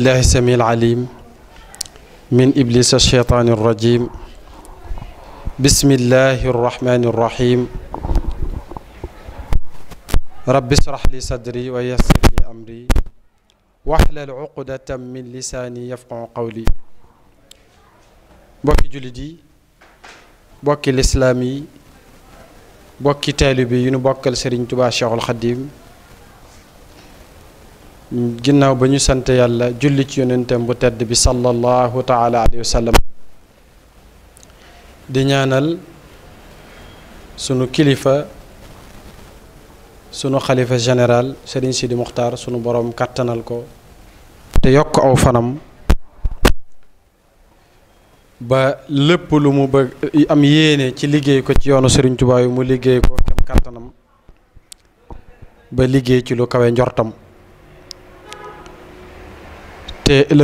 الله السميع العليم من إبليس الشيطان الرجيم بسم الله الرحمن الرحيم رب اشرح لي صدري ويسر لي أمري واحلل عقدة من لساني يفقه قولي بوكي جلدي بوكي الإسلامي بوكي تالبي mbokki سرين yu nu bokkal جناو بنيو سنت يلا جلتش يننتم بتد بسال الله تعالى عليه وسلم دينانال سنو كليفة سنو خليفة جنرال سرين سيد مختار سنو برام كاتنالكو تيوك أو فنم ba lepp lu mu bëgg am yéene ci liggéey ko ci yoonu serigne touba yu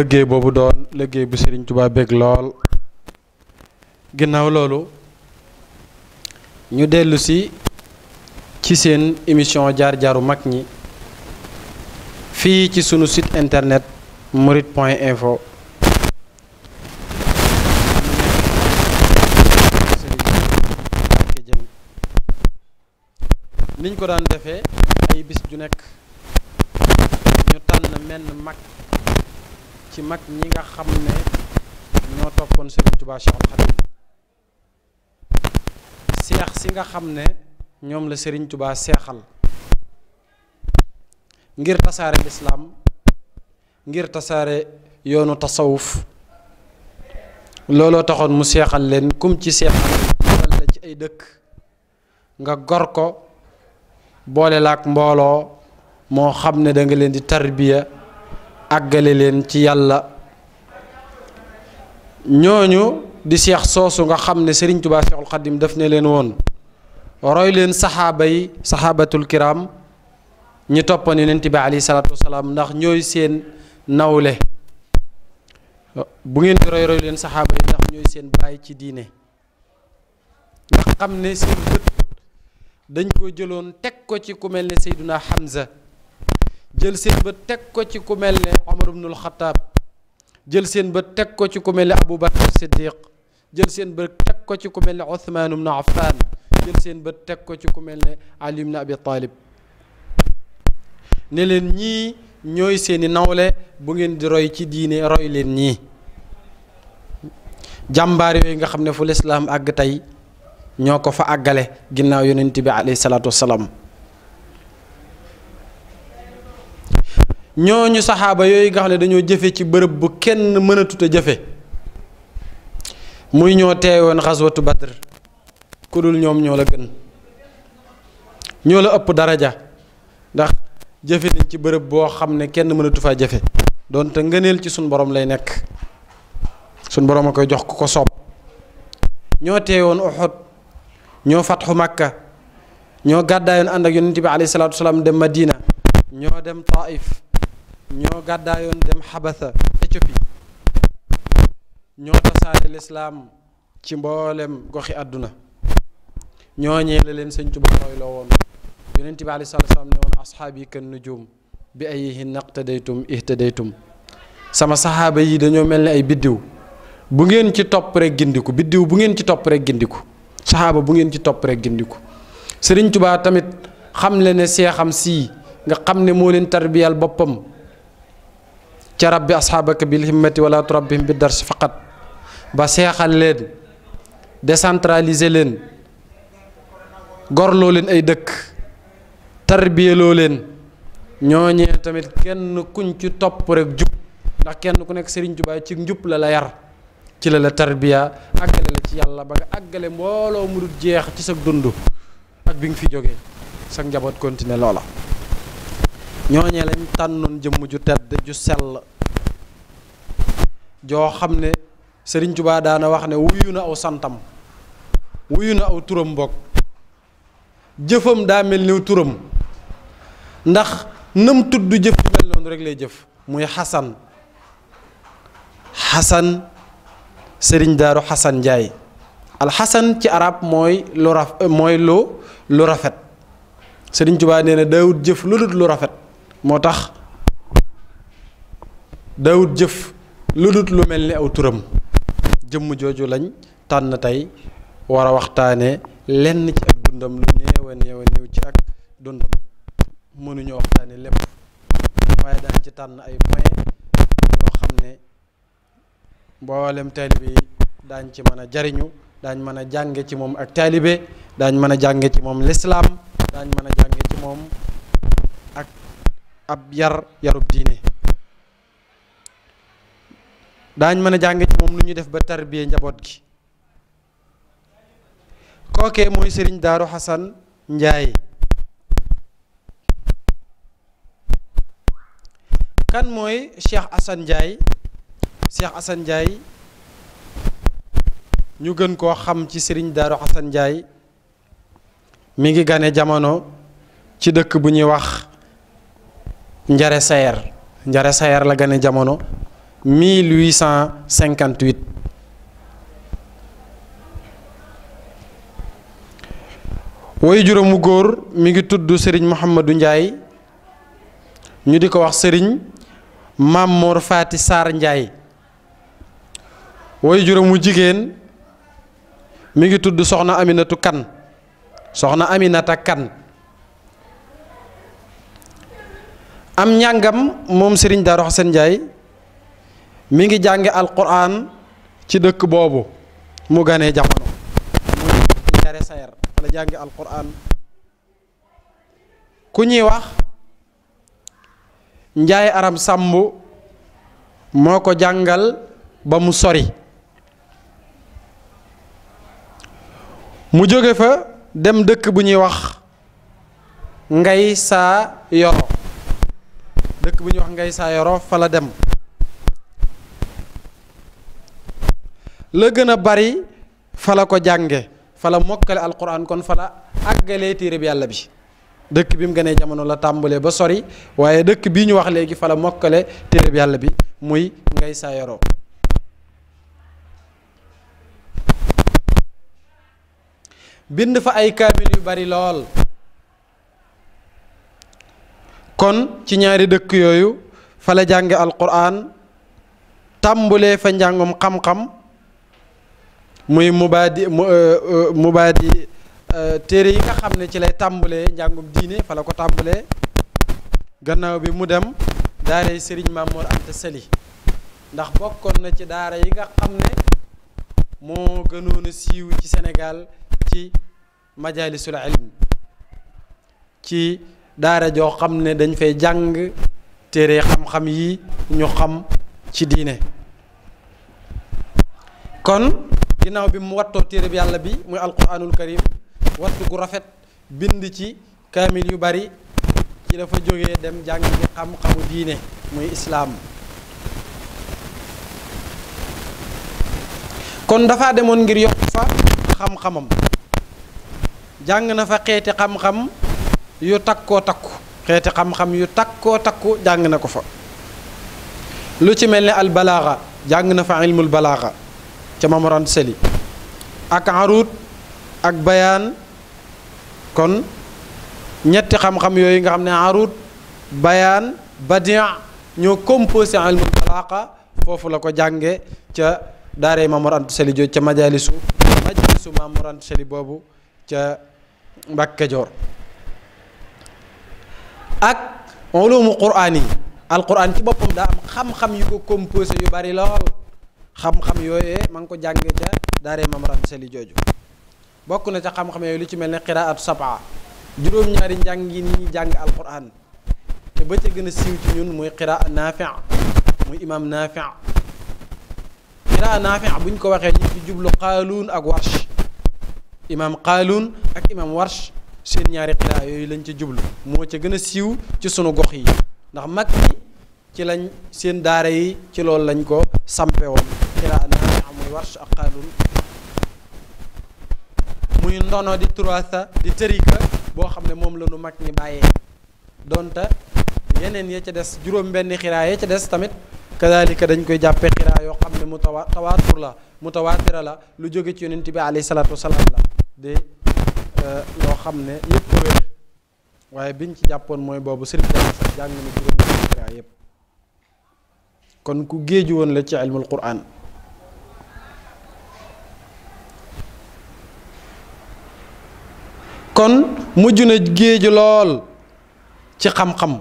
te boobu doon bu Serigne Touba bég lool ginnaaw loolu ñu dellu ci seen émission jaar-jaaru mag ñi fii ci sunu site internet murit info niñ ko daan defee ay bis ju nekk ñu tànn menn mag ci mag ñi nga xam ne ñoo toppoon Serigne seex si nga xam ne ñoom la Serigne tubaa seexal ngir tasaare lislaam ngir tasaare yoonu tasawuf looloo taxoon mu seexal leen kum ci seexal la ci ay dëkk nga gor ko boole laak mbooloo moo xam ne danga leen di tarbiya àggale leen ci yàlla ñooñu di seex soosu nga xam ne Serigne Touba Seexul Xadim daf ne leen woon roy leen saxaaba saxaabatul kiram ñi toppoon yonent bi alayhi salaatu wasalaam ndax ñooy seen nawle bu ngeen di roy roy leen saxaaba yi ndax ñooy seen bàyyi ci diine nga xam ne seen bët dañ ko jëloon teg ko ci ku mel ne Seyduna Hamza jël seen bët teg ko ci ku mel ne Omar ibnul Xataab jël seen bët teg ko ci ku mel ne Aboubacar Siddiq jël seen bët teg ko ci ku mel ne Othman ibnu Affan jël seen bët teg ko ci ku mel ne Ali ibnu Abi ne leen ñii ñooy seeni nawle bu ngeen di roy ci diine roy leen ñii jàmbaar yooyu nga xam ne fu lislaam àgg tey ñoo ko fa àggale ginnaaw yonent bi alayhi salaatu wassalaam ñoñu sahaba yoy nga xale dañu jëfé ci bërepp bu kenn mëna a jëfé muy ñoo teewoon ghazwatu badr ku dul ñoom ñoo la gën ñoo la ëpp daraja ndax jëfé nañ ci bërepp bo xamné ne mëna mënatu faa don doonte ngeenel ci sun borom lay nek sun borom akoy jox kuko sop ñoo teewoon Uhud ñoo fatxu Makka ñoo yon and ak yonent bi alayhi salatu dem Madina ñoo dem Taif ñoo gàddaayoon dem xabasa Éthiopie ñoo tasaare lislaam ci mboolem goxi àdduna ñoo ñooñee la leen sëñ Tuba royloo woon yonent bi aleyhi salaatu salaam ne woon asxaab yi kan nujum bi ayyihi naqtadaytum ihtadaytum sama saxaaba yi dañoo mel ni ay biddiw bu ngeen ci topp rek gindiku biddiw bu ngeen ci topp rek gindiku saxaaba bu ngeen ci topp rek gindiku sëriñ Tuba tamit xam le ne seexam sii nga xam ne moo leen tarbiyal boppam ci rabbi asxaabaka bil himmati wala turabbihim bid dars faqat ba seexal leen décentraliser leen gorlo leen ay dëkk lo leen ñoñe tamit kenn kuñ ci top rek jup ndax kenn ku nek Serigne Touba ci njup la la yar ci la la tarbiya agale la ci yalla ba nga agale mbolo mu dul jeex ci sa dundu ak bi fi njabot continuer ñooñee lañ tànnoon jëmm ju tedd ju sell joo xam ne Sëriñ Tubaa daana wax ne wuyu na aw santam wuyu na aw turam bokk jëfam daa mel ni turam ndax nam tudd jëf ju mel noonu rek lay jëf muy Xasan Xasan Sëriñ Daaru Xasan Njaay alxasan ci arab mooy lu rafet Sëriñ Tubaa nee na daawut jëf lu dul lu rafet moo tax dawut jëf lu dut lu mel ni aw turam jëmm jooju lañ tànn tey war a waxtaane lenn ci ak dundam lu néew a néew ci ak dundam mënuñu waxtaane lépp waaye daan ci tànn ay point yoo xam ne mboolem taalibe yi daañ ci mën a jariñu daañ mën a jànge ci moom ak taalibe daañ mën a jànge ci moom lislaam daañ mën a jànge ci moom ab yar yarub diine daañ mën a jàng ci moom lu ñu def ba tarbiye njaboot gi kookee mooy sëriñ daaru xasan njaay kan mooy cheikh asan njaay cheikh ñu gën koo xam ci sëriñ daaru xasan njaay mi ngi gane jamono ci dëkk bu ñuy wax njare sayer njare sayer la gane jamono 1858 way juro mu gor mi ngi tuddu Serigne mohammedou Ndiaye ñu diko wax Serigne Mamour Fati sar Ndiaye way juro mu jigen mi ngi tuddu Soxna Aminatu Kan Soxna Aminata Kan am ñangam mom Serigne daro Hassane jay mi ngi jànge alquran ci dëkk bobu mu gané jamono sayer wala alquran ku ñi wax njaay Aram sambu, moko janggal ba mu sori mu joge fa dem dëkk bu ñi wax ngay sa yoro dëkk bu ñuy wax ngay saayoro fa la dem la gën a bari fala ko jànge fala la mokkale alquran kon fala la àggalee téere bi yàlla bi dëkk bi mu gënee jamono la tàmbalee ba sori waaye dëkk bii ñu wax léegi fa la mokkale téere bi yàlla bi muy ngay saayoro bind fa ay kaamil yu bari lool kon ci ñaari dëkk yooyu fa la jànge alquran tàmbulee fa njàngum xam-xam muy mubaadi euh, euh, euh, téere yi nga xam ne ci lay tàmbulee njàngum diine fa ko tàmbulee gannaaw bi mu dem daara yi Serigne Mamour Anta Sali ndax bokkoon na ci daara yi nga xam ne moo gënoon siiw ci Sénégal ci majalisul ilm ci daara joo xam ne dañ fay jàng téere xam-xam yi ñu xam ci diine kon ginnaaw bi mu wattoo téere bi yàlla bi muy alquranul karim wattu gu rafet bind ci kaamil yu bari ci dafa jógee dem jàng ci xam-xamu diine muy islaam kon dafa demoon ngir yokk fa xam-xamam jàng na fa xeeti xam-xam yu takko takku xeeti xam-xam yu takko takku jang na ko fa lu ci melni al balagha jang na fa ilmul balaaxa ca seli ak arut ak bayan, kon ñetti xam-xam yoy nga xamne ne arut bayan badia ño composé ilmul balagha fofu la ko jànge ca daare seli jo ci majalisu majalisu mamoran seli bobu ci mbacke jor ak ulumu quraan yi alquran ci boppam daa am xam-xam yu ko composé yu bari lool xam-xam yooyee ma ngi ko jànge ca daaree mam ram jooju bokk na ca xam-xam yooyu lu ci mel ne qiraatu sab'a juróom-ñaari njàngi ni jàng alquran te ba ca gën a siiw ci ñun muy qiraa naafi muy imam naafi qiraa naafi bu ñu ko waxee ñu ci jublu qaaluun ak warsh imam qaaluun ak imam warsh seen ñaari xiraa yooyu lañ ci jublu moo ci gën a siiw ci sunu gox yi ndax mag yi ci lañ seen daara yi ci loolu lañ ko sampe woon xiraa naa amul warsh ak xaalun muy ndono di turaasa di tërika boo xam ne moom la nu mag donta yeneen ya ca des juróom benn xiraa ya ca des tamit kadalika dañ koy jàppe xiraa yoo xam ne mu tawa tawaatur la mu tawaatira la lu jóge ci yonent bi alayhi salatu wasalaam de loo xam ne yëpp ko wér waaye biñ ci jàppoon mooy boobu sëriñ sax jàng na juróom qiraa yëpp kon ku géeju woon la ci ilmul quraan kon mujj na géeju lool ci xam-xam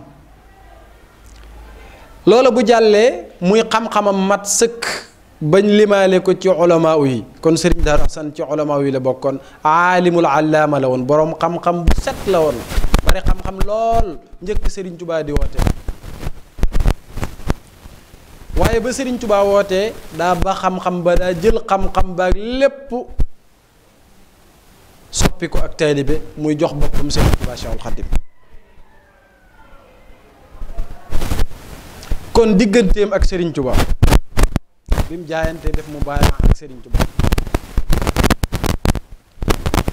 loola bu jàllee muy xam-xamam mat sëkk bañ limaale ko ci ulamaa yi kon sëriñ Daaru Asan ci ulamaa yi la bokkoon aalimul allaama la woon boroom xam-xam bu set la woon bari xam-xam lool njëkk sëriñ Tubaa di woote waaye ba sëriñ Tubaa wootee daa ba xam-xam ba daa jël xam-xam ba ak lépp soppi ko ak taalibe muy jox boppam sëriñ Tubaa Seexul Xadiim kon digganteem ak sëriñ Tubaa bi mu jaayantee def mu bàyyi ak Serigne Touba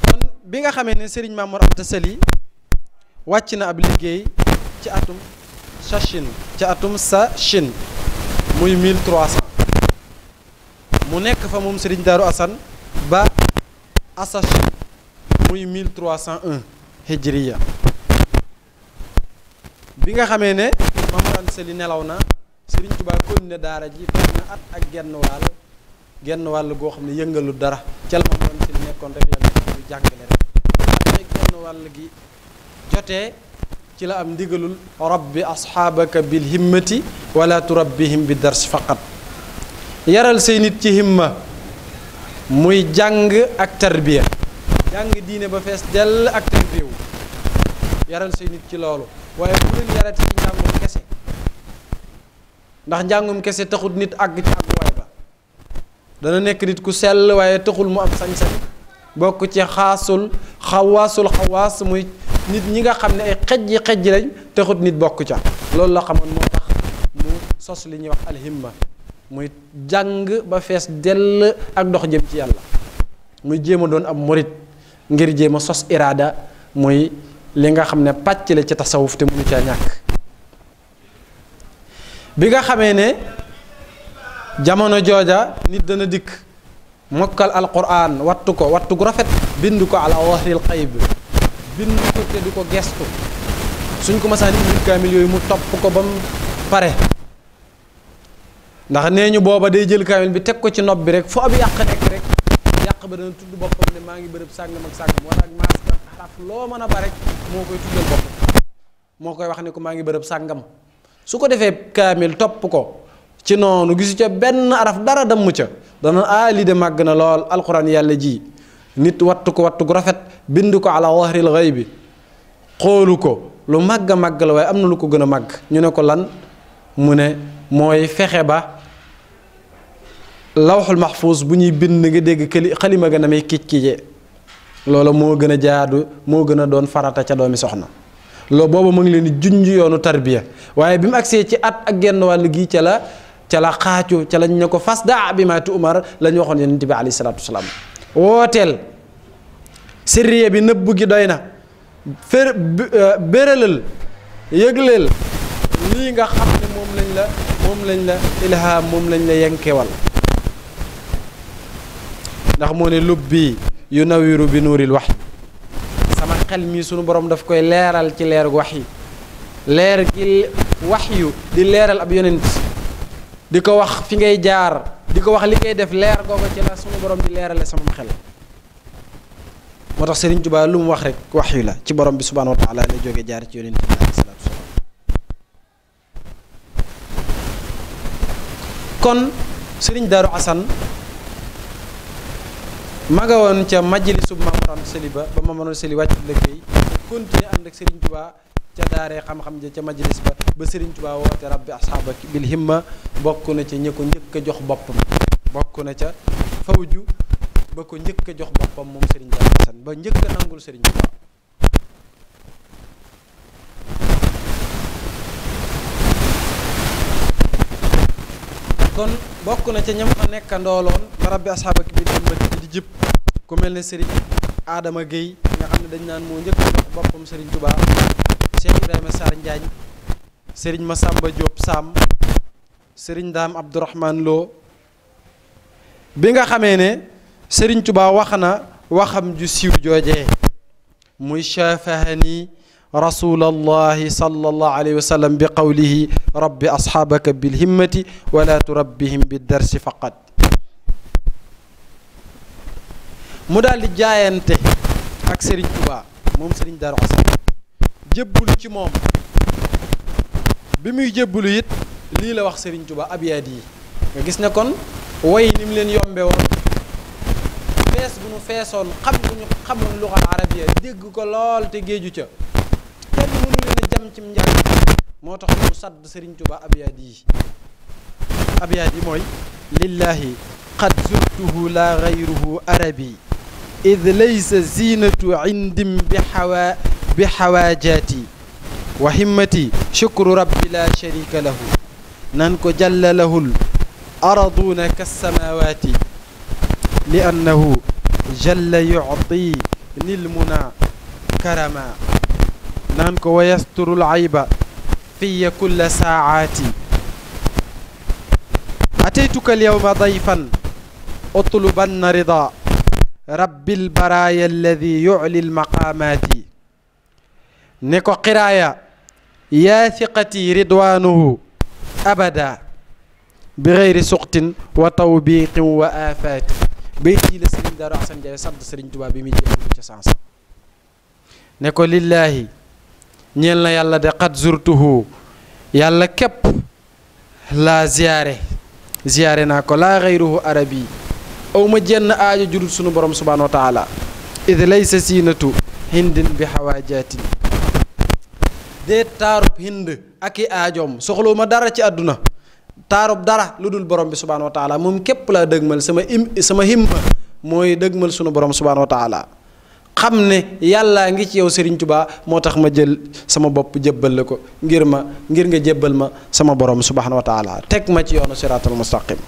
kon bi nga xamee ne Serigne Mamour Anta wàcc na ab liggéey ci atum sa Chine ci atum sa Chine muy 1300 mu nekk fa moom Serigne Darou Assane ba asa Chine muy hijriya bi nga xamee ne Mamour Anta nelaw na. Serigne Touba ko ne dara ji toog at ak genn wal genn wal go xamne yeungalu dara ci la mom ci nekkon rek la ñu jangale rek ak genn wal gi jotee ci la am digelul rabbi ashabaka bil himmati wala turabbihim bid dars faqat yaral sey nit ci himma muy jang ak tarbiya jang diine ba fess del ak tarbiyu yaral sey nit ci lolu waye bu len yarati ñam kesse ndax njangum kese taxut nit ag ci way ba dana nek nit ku sel waye taxul mu am sañ-sañ bokk ci khasul khawasul khawas muy nit ñi nga xamne ne ay xejji xejji lañ taxut nit bokk ca loolu la xamoon mo tax mu sos li ñi wax himma muy jang ba fess del ak dox jëm ci yalla muy jema doon am murit ngir jema sos irada muy li nga xamne patch la ci tasawuf te mu ci ñak bi nga xamee ne jamono jooja nit dana dikk mokkal alquran wattu ko wattu gu rafet bind ko ala wahril xayb bind ko te di ko gestu suñ ko masaan indil kamil yooyu mu topp ko bam pare ndax nee ñu booba day jël kamil bi teg ko ci nopp bi rek foo ab yàq nekk rek yàq ba dana tudd boppam ne maa ngi bërëb sàngam ak sàngam wala ak maas ak loo mën a koy tuddal moo koy wax ne ko maa ngi bërëb sàngam su ko defee kaamil topp ko ci noonu gisu ca benn araf dara damm ca dana a de màgg na lool alxuraan yàlla ji nit wattu ko wattu gu rafet bind ko ala wahril xëy bi xoolu ko lu màgg a màgg la waaye am na lu ko gën a màgg ñu ne ko lan mu ne mooy fexe ba lawxul maxfuus bu ñuy bind nga dégg këli xalima gën a may kiic kiice moo gën a jaadu moo gën a doon farata ca doomi soxna loo booba mu ngi leen di junj yoonu tarbiya waaye bi mu agsee ci at ak genn wàll gi ca la ca ca lañ ne ko fas daa bi ma tuumar la ñu waxoon yonent bi alayhi salaatu wasalaam wooteel sirriya bi nëbbu gi doy na fér béralal euh, yëgleel lii nga xam ne moom lañ la moom lañ la ilham moom lañ la yenkewal ndax moo ne lubbi yunawiru bi nuuril wax xel mii sunu boroom daf koy leeral ci leer wax yi leer gi wax yu di leeral ab yonent di ko wax fi ngay jaar di ko wax li ngay def leer googu ci la sunu borom di leerale samam xel moo tax Serigne Touba lu mu wax rekk wax yu la ci borom bi subhaanahu wa taala lay jóge jaar ci yonent bi alayhi salaatu wasalaam kon Serigne Darou Assane ma nga woon ca majlisu Maam Mor Anta Sali ba ba Maam Mor Anta Sali wàcc liggéey te continuer ànd ak Serigne Touba ca daaree xam-xam ja ca majlis ba ba Serigne Touba woote rabbi asxaaba bil himma bokk na ca ña ko njëkk a jox boppam bokk na ca fawju ba ko njëkk a jox boppam moom Serigne Darou Assane ba njëkk a nangul Serigne Touba kon bokk na ca ñam fa nekk ndooloon la rabbi asxaabak bi dem ba di jëpp ku mel ne Serigne aadama Guèye nga xam ne dañ naan moo njëkk jox boppam Serigne Touba Cheikh Ibrahima Sarr Njaañ Serigne Massamba Diop Sam Serigne Dame Abdourahmane Lo bi nga xamee ne Serigne Touba wax na waxam ju siiw joojee muy nii رسول الله صلى الله عليه وسلم بقوله رب أصحابك بالهمة ولا تربهم بالدرس فقط مدال جاينت اك سيرن توبا موم دار حسن جيبول تي موم بيمي جيبول ييت لي لا واخ سيرن توبا ابيادي nga gis ne kon way nim len yombe won fess bu nu fesson xam nu xam lu arabiya deg ko lol dem ci mbiar moo tax mu sadd Serigne Touba abiyadi abiyadi moy lillahi qad zurtuhu la ghayruhu arabi id laysa zinatu indim bi xawa bi xawaajaati wa himmati shukru rabbi la sharika lahu nan ko jalla lahul araduuna kassamaawaati li annahu jalla yucti nil muna karama نانكو ويستر العيب في كل ساعاتي أتيتك اليوم ضيفا أطلبن رضا رب البرايا الذي يعلي المقامات نكو قرايا يا ثقتي رضوانه أبدا بغير سقط وتوبيق وآفات بيتي لسرين دار أحسن جاي صد سرين جوابي ميجي نكو لله ñeel na yàlla de xat zurtuhu yàlla képp laa ziyaare ziyaare naa ko laa xayruhu arabi awma jenn aajo jurul sunu borom subhaanahu wa taala id laysa siinatu hindin bi xawaajatin dee taarub hind ak i aajoom soxlawuma dara ci àdduna taarub dara lu dul borom bi subhaanahu wa moom képp laa dëgmal sama im sama himma mooy dëgmal sunu borom subhaanahu wa xam ne yàllaa ngi ci yow Serigne Touba moo tax ma jël sama bopp jébbal la ko ngir ma ngir nga jébbal ma sama borom subhaanahu wa taala teg ma ci yoonu siraatal mustaqim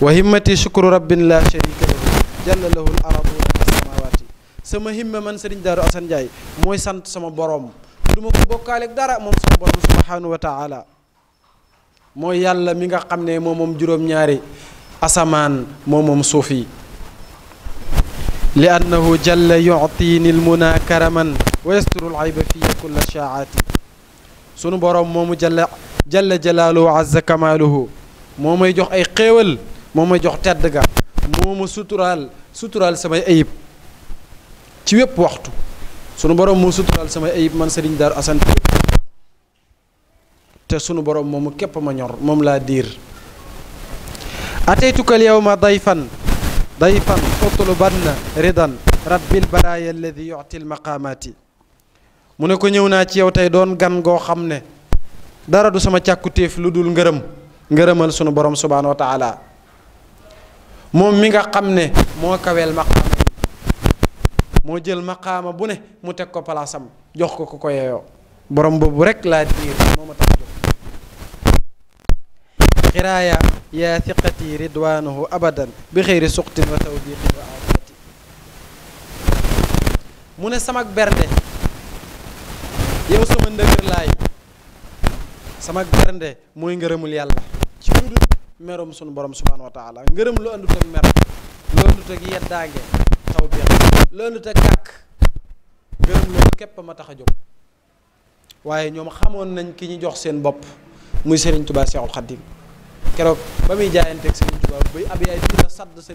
wa himmati shukru rabbin la sharika lahu jalla lahu l aradu wa samawati sama himma man Serigne Darou Assane Ndiaye mooy sant sama boroom du ma ko bokkaaleeg dara moom sama borom subhaanahu wa mooy yàlla mi nga xam ne moo moom juróom-ñaari asamaan moom moom suuf لأنه جل يعطيني المنى كرما ويستر العيب في كل شاعاتي سونو بروم موم جل جل جلاله عز كماله موم يجوخ اي قيول موم يجوخ تدغا موم سترال سترال سماي ايب تي ويب وقتو سونو بروم مو سترال سماي ايب من سيرين دار حسن تي سونو بروم موم كيب ما نيور موم لا دير اتيتك اليوم ضيفا Daifan اطلبن رضا رب البرايا الذي يعطي المقامات mu ne ko ñëw naa ci yow tey doon gan goo xam dara du sama càkkutéef lu dul ngërëm ngërëmal sunu borom subhaanahu wa taala moom mi nga xam ne moo kaweel maqaama yi moo jël maqaama bu ne mu borom boobu rek xiraaya yaa thiqati ridwaanahu abadan bi xëyri suqtin wa tawbiqin wa aafati mu ne samak bernde yow sama ndëgër laay samak bernde mooy ngërëmul yàlla ci lu dul sunu borom subhaanahu wa taala ngërëm lu andut ak mer lu andut ak yeddaange tawbiq lu andut ak kàkk ngërëm loolu képp ma tax a jóg waaye ñoom xamoon nañ ki ñu jox seen bopp muy Serigne Touba Cheikhoul Khadim keroog ba muy jaayanteeg Serigne Touba buy ab yaay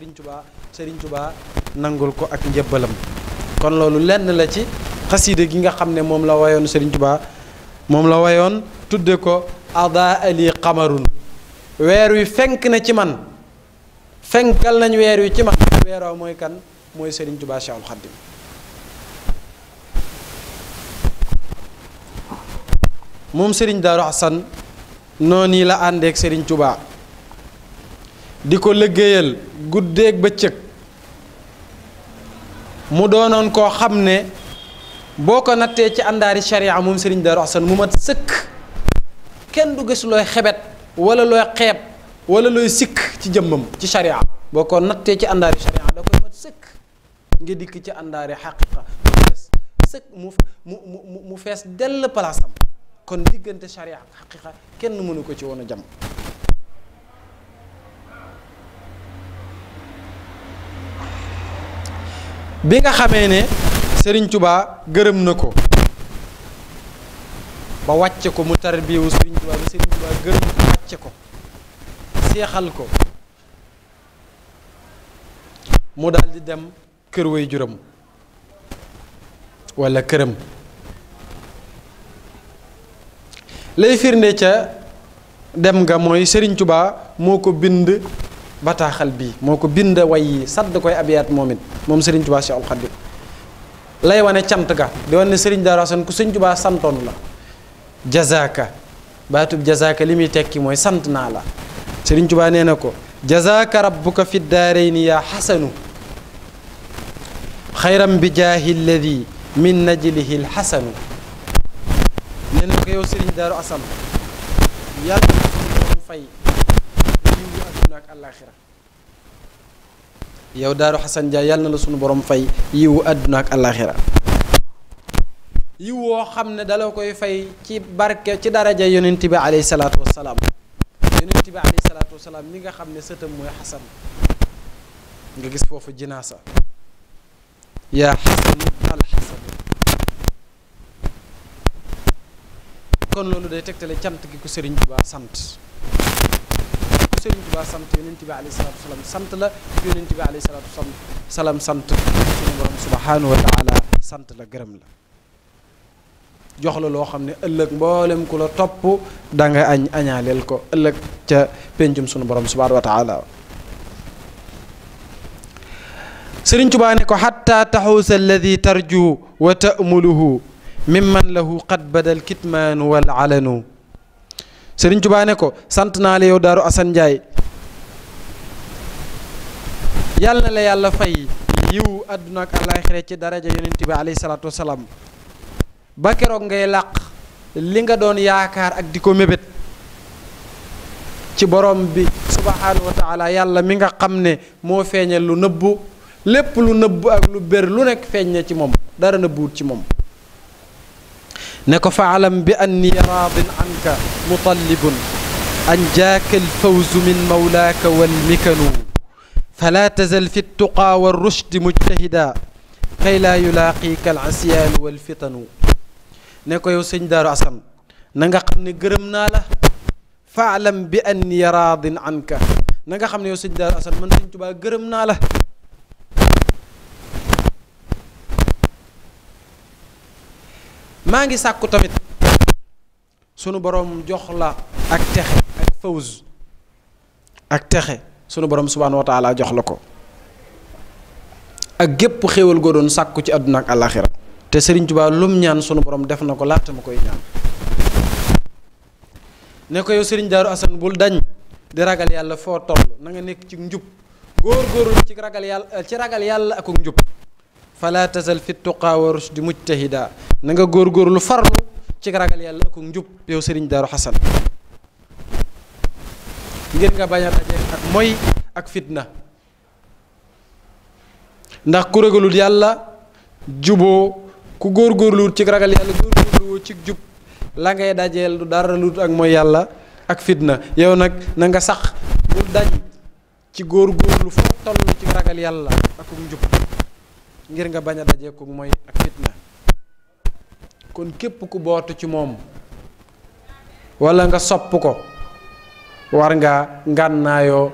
di la nangul ko ak njëbbalam kon loolu lenn la ci xasiida gi nga xam ne moom la wayoon Serigne Touba moom la wayoon tudde ko ada ali xamarun weer wi fenk na ci man fenkal nañ weer wi ci man weeroo mooy kan mooy Serigne Touba Cheikhul Khadim moom Serigne Darou Assane noonu yi la àndeek Serigne tubaa di ko liggéeyal guddeeg cëg mu doonoon koo xam ne boo ko nattee ci àndaari sharia moom Serigne Darou Assane mu mat sëkk kenn du gis looy xebet wala looy xeeb wala looy sikk ci jëmmam ci sharia boo ko nattee ci àndaari sharia da koy mat sëkk nga dikk ci àndaari xaqiqa fees sëkk mu fees dell palaasam kon diggante charia ak xaqiqa kenn mënu ko ci woon a jam bi nga xamee ne Serigne Touba gërëm na ko ba wàcce ko mu tarbiyewu Serigne Touba ba Serigne Touba gërëm ko wàcce ko seexal ko mu daal di dem kër way juram wala këram lay firnde ca dem nga mooy Serigne Touba moo ko bind bataaxal bii moo ko bind way yi sadd koy abiyaat moom it moom Serigne Touba Cheikhoul Khadim lay wane cant ga di wane Serigne Darou Assane ku Serigne Touba santoon la jazaaka baatub jazaaka li tekki mooy sant naa la Serigne Touba nee ko jazaaka rabbuka fi daarayni yaa xasanu xayram bi jaahi alladi min najlihi nee na ko yow Serigne Darou Assane yàlla na ko borom fay yiw yu àdduna ak àllaaxira yow Darou Assane Dia yàlla na la sunu borom fay yiwu àdduna ak àllaaxira yiw woo xam ne dala koy fay ci barke ci daraja yonent bi alayhi salaatu wasalaam yonent bi alayhi salaatu wasalaam mi nga xam ne sëtam mooy xasan nga gis foofu jinaasa yaa xasanu al xasan kon lolu day tektale cyant gi ko Serigne Touba sant Serigne Touba sant yonent bi alayhi salaatu salaam sant la yonent bi alayhi salaatu salaam sant sunu borom subhanahu wa taala sant la gërëm la jox la lo xamne ne ëllëg mboolem ku la topp da nga añ añaaleel ko ëllëg ca penjum sunu borom subhanahu wa taala Serigne Touba ne ko xatta taxuusa alladi tarju wa ta'muluhu mimman lahu qad badal kitmaanu wal alanu Sëriñ Tuubaa ko sant naa la yow Daaru Asan Njaay yàlla na la yàlla fay yiw àdduna ak àllaaxira ci daraja yonent bi alayhi salaatu wasalaam ba keroog ngay làq li nga doon yaakaar ak di ko mébét ci borom bi subhaanahu wa yàlla mi nga xam ne moo feeñal lu nëbbu lépp lu nëbbu ak lu bér lu nekk feeñ na ci moom dara nëbbuwut ci moom نكف علم بأني راض عنك مطلب أنجاك الفوز من مولاك والمكن فلا تزل في التقى والرشد مجتهدا كي لا يلاقيك العصيان والفتن نكو يو سنج دار اسام نغا خامني غرمنا لا فاعلم باني راض عنك نغا خامني يو سنج دار اسام من سنج توبا غرمنا لا mangi sakku tamit sunu borom jox la ak texe ak fawz ak texe sunu borom subhanahu wa taala jox lako ak gep xewal goo doon ci aduna ak alakhirah te serigne touba lum ñaan sunu borom def nako ko laata ma koy ñaan ne ko yow serigne daru Asan bul dañ di ragal yalla fo toll na nga nek ci njub gor goru ci ragal yalla ci ragal yalla ak njub fala tazal fit wa mujtahida na nga lu farlu ci ragal yalla ak njub yow serigne daru hasan ngeen nga baña dajé ak moy ak fitna ndax ku regalul yalla jubo ku lu ci ragal gor lu ci jub la ngay dajé lu dara lu ak moy yalla ak fitna yow nak na nga sax bu dañ ci lu foo tollu ci ragal yalla ak njub ngir nga baña dajé ku ak fitna kon képp ku bootu ci moom wala nga sopp ko war nga ngànnaayoo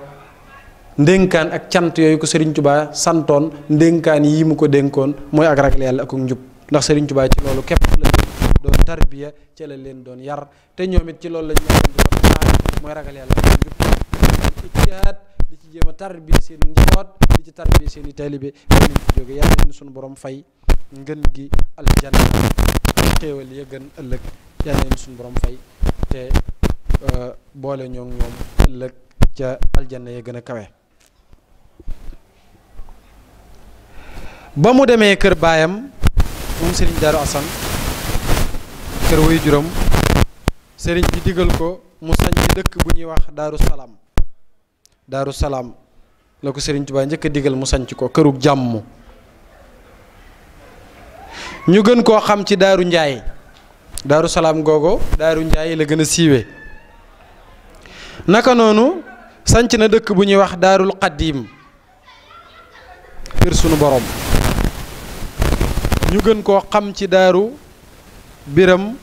ndénkaan ak cant yooyu ko Serigne Touba santoon ndénkaan yi mu ko dénkoon mooy ak ragal yàlla ak njub ndax Serigne Touba ci loolu képp la tarbiya ci la leen doon yar te ñoom it ci loolu la ñu doon mooy ragal yàlla ak njub ijtihaad di ci jéem tarbiya seen njaboot di ci tarbiya seen i ñu ci jóge yàlla leen borom fay ngën gi aljanna xéewal ya gën ëllëg yal na suñ borom fay te euh, boole ñoom ëllëg ca aljana ya gën a kawe ba mu demee kër baayam moom sëriñ Daaru Asan kër wuy juróom sëriñ bi digal ko mu sañ dëkk bu ñuy wax Daaru Salaam Daaru Salaam la ko sëriñ Tuubaa njëkk a digal mu sañc ko kërug jàmm ñu gën koo xam ci daaru njaay daaru salaam googo daaru njaay la gën a siiwee naka noonu sanc na dëkk bu ñuy wax daarul xaddiim kër sunu borom ñu gën koo xam ci daaru biram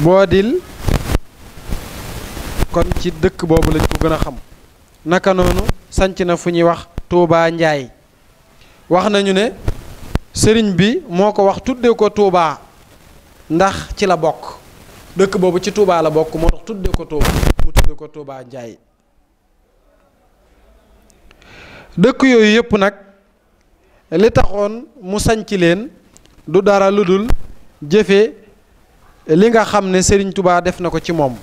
boodil kon ci dëkk boobu lañ ko gën a xam naka noonu sanc na fu ñuy wax tuubaa njaay wax nañu ne sëriñ bi moo ko wax tudde ko Touba ndax ci la bokk dëkk boobu ci Touba la bokk moo tax tudde ko Touba mu ko Touba Njaay dëkk yooyu yëpp nag li taxoon mu sañc leen du dara lu dul jëfe li nga xam ne sëriñ Touba def na ko ci moom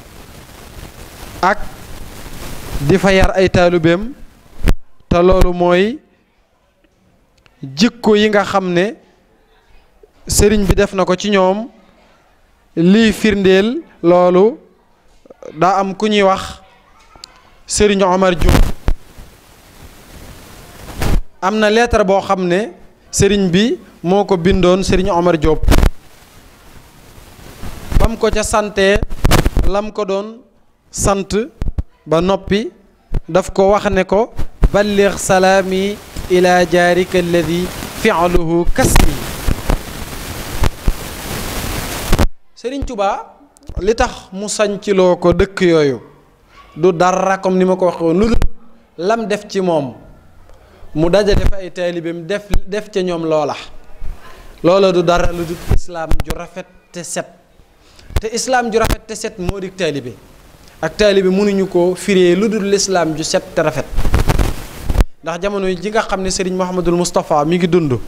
ak di fa yar ay taalubeem te loolu mooy jikko yi nga xam ne sëriñ bi def na ko ci ñoom lii firndeel loolu daa am ku ñuy wax sëriñ Omar Diop am na lettre boo xam ne sëriñ bi moo ko bindoon sëriñ Omar Diop bam ko ca sante lam ko doon sant ba noppi daf ko wax ne ko ballir salaami ila jaarika alladi fi'luhu kasbi Sëriñ Tuubaa li tax mu sañciloo ko dëkk yooyu du dara comme ni ma ko waxee woon lu dul lam def ci moom mu dajale def ay taalibeem def def ca ñoom loola loola du dara lu dul islaam ju rafet te set te islaam ju rafet te set moo di taalibe ak taalibe mënuñu ko firee lu dul islaam ju set te rafet ndax jamono ji nga xam ne sëriñ Mouhamadul Moustapha mi ngi dund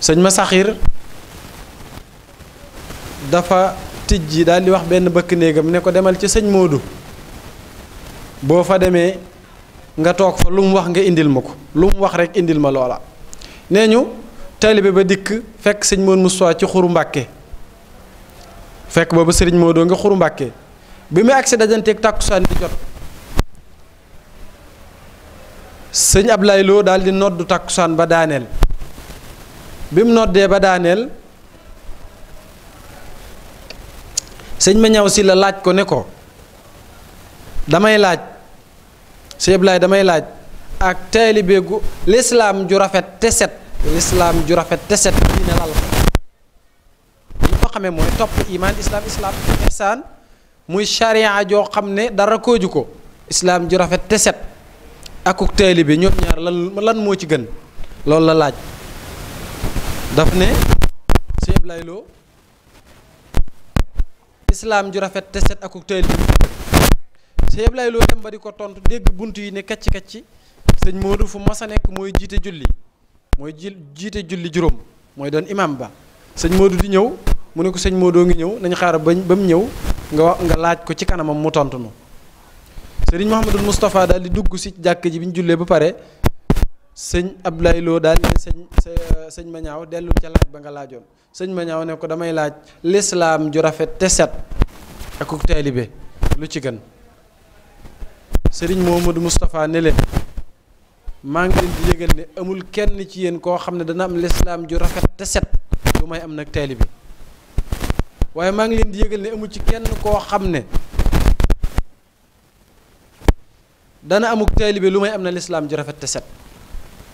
sëñ ma saxir dafa tijji daal di wax benn bëkk néegam ne ko demal ci sëñ moodu boo fa demee nga toog fa lu mu wax nga indil ma ko lu mu wax rek indil ma loola nee ñu taalibe ba dikk fekk sëñ Modou Moustapha ci xuru Mbàkke fekk boobu sëriñ moodoo nga xuru Mbàkke bi muy agsi dajanteeg tàkkusaan di jot sëñ Ablaye Lo daal di noddu takkusaan ba daaneel bi mu noddee ba daaneel sëñ ma ñaw si la laaj ko ne ko damay laaj sëñ Ablaye damay laaj ak taalibe gu lislaam ju rafet te set lislaam ju rafet te set diine lal ko li ko xamee mooy topp imaan islaam islaam ihsaan muy charia joo xam ne dara kooju ko islaam ju rafet te set akuk taalibe bi ñoom ñaar lan lan moo ci gën loolu la laaj daf ne Sëñ Ablaye islaam ju rafet te set akuk taalibe bi Sëñ dem ba di ko tontu dégg bunt yi ne kacc kacc sëñ Modou fu mas nekk mooy jiite julli mooy ji jiite julli juróom mooy doon imaam ba sëñ Modou di ñëw mu ne ko sëñ moodoo ngi ñëw nañ xaaral ba ba mu ñëw nga wax nga laaj ko ci kanamam mu tontu nu sëriñ Mouhamadul Moustapha daal di dugg si jàkk ji bi ñu jullee ba pare sëñ Abdoulaye Lo daal ne sëñ sëñ Mañaaw dellul ca laaj ba nga laajoon sëñ Mañaaw ne ko damay laaj lislaam ju rafet te set ak ku taalibe lu ci gën sëriñ Mouhamadou Moustapha ne leen maa ngi leen di yëgal ne amul kenn ci yéen koo xam ne dana am lislaam ju rafet te set lu may am nag taalibe waaye maa ngi leen di yëgal ne amul ci kenn koo xam ne dana amuk taalibe lu may am na lislaam ji rafet te set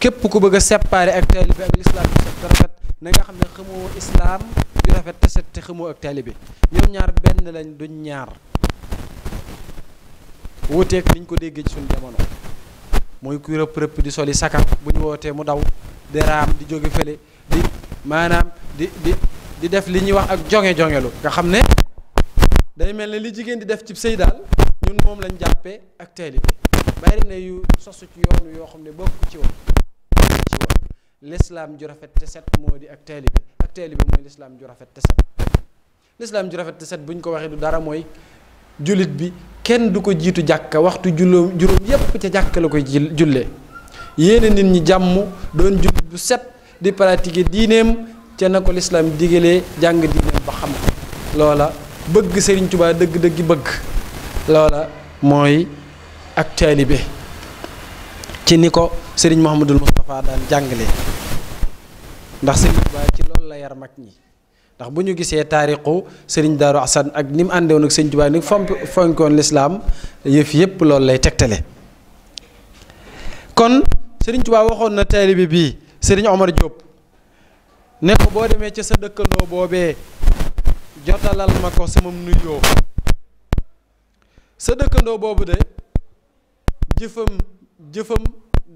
képp ku bëgg a séparer ak taalibe ak lislaam ji set te rafet na nga xam ne xamoo islaam ju rafet te set te xamoo ak taalibe ñoom ñaar benn lañ duñ ñaar wuuteeg niñ ko déggee ci suñu jamono mooy kuy rëpp rëpp di soli sakam bu ñu wootee mu daw di raam di jóge fële di maanaam di di def li ñuy wax ak jonge jongelu nga xam ne day mel ne li jigéen di def ci sëy daal ñun moom lañ jàppee ak taalibe bari na yu sosu ci yoonu yoo xam ne bokk ci woon ci woon lislaam ju rafet te set moo di ak taalibe ak taalibe mooy lislaam ju rafet te set lislaam ju rafet te set bu ñu ko waxee du dara mooy jullit bi kenn du ko jiitu jàkka waxtu julloo juróom yépp ca jàkka la koy jullee yéene nit ñi jàmm doon jullit bu set di pratiquer diineem ca na ko lislaam digalee jàng diineem ba xam ko loola bëgg Sëriñ Tubaa dëgg-dëggi bëgg loola mooy ak taalibe ci ni ko sëriñ Mouhamadul Moustapha daan jàngale ndax sëriñ Tuubaa ci loolu la yar mag ñi ndax bu ñu gisee taarixu sëriñ Daaru Asan ak ni mu àndewoon ak sëriñ Tuubaa ni fomp fonkoon lislaam yëf yëpp loolu lay tegtale kon sëriñ Tuubaa waxoon na taalibe bii sëriñ Omar Diop ne ko boo demee ca sa dëkkandoo boobee jotalal ma ko sama nuyoo sa dëkkandoo boobu de jëfam jëfam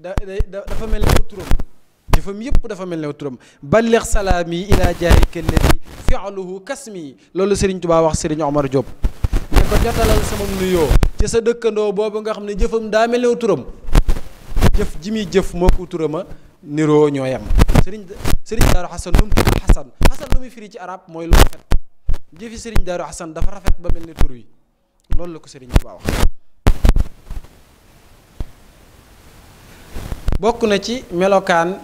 da dafa mel ne turam jëfam yëpp dafa mel ne turam balleex salaami ilaa jaarika alladi fialuhu kasmi loolu Serigne Touba wax Serigne Omar Diop ne ko jotalal sama nuyoo ci sa dëkkandoo boobu nga xam ne jëfam daa mel ne turam jëf ji muy jëf moo ko turama niroo ñoo yem Serigne Serigne Darou Hassan lu mu tudd Hassan Hassan lu muy firi ci arab mooy lu rafet jëfi Serigne Darou Hassan dafa rafet ba mel ne tur wi loolu la ko Serigne Touba wax. bokk na ci melokaan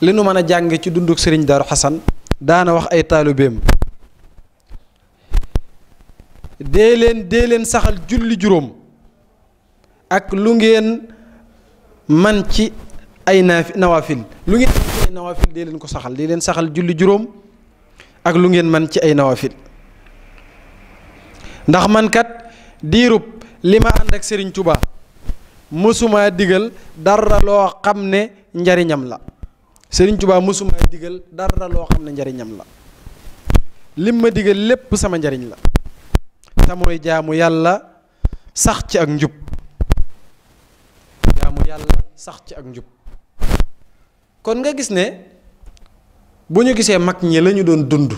li nu mën a jàng ci dunduk sëriñ Darou Xasan daana wax ay taalibeem dee leen dee saxal julli juróom ak lu ngeen man ci ay naafi nawafil lu ngeen man ci ay nawafil dee leen ko saxal dee leen saxal julli juróom ak lu ngeen man ci ay nawafil ndax mankat kat diirub li ma ànd ak Serigne Touba. mësumaa digal dara loo xam ne njariñam la Sëriñ tubaa mësumaa digal dara loo xam ne njariñam la lim ma digal lépp sama njariñ la te jaamu yàlla sax ci ak njub jaamu yàlla sax ci ak njub kon nga gis ne bu ñu gisee mag ñi lañu doon dund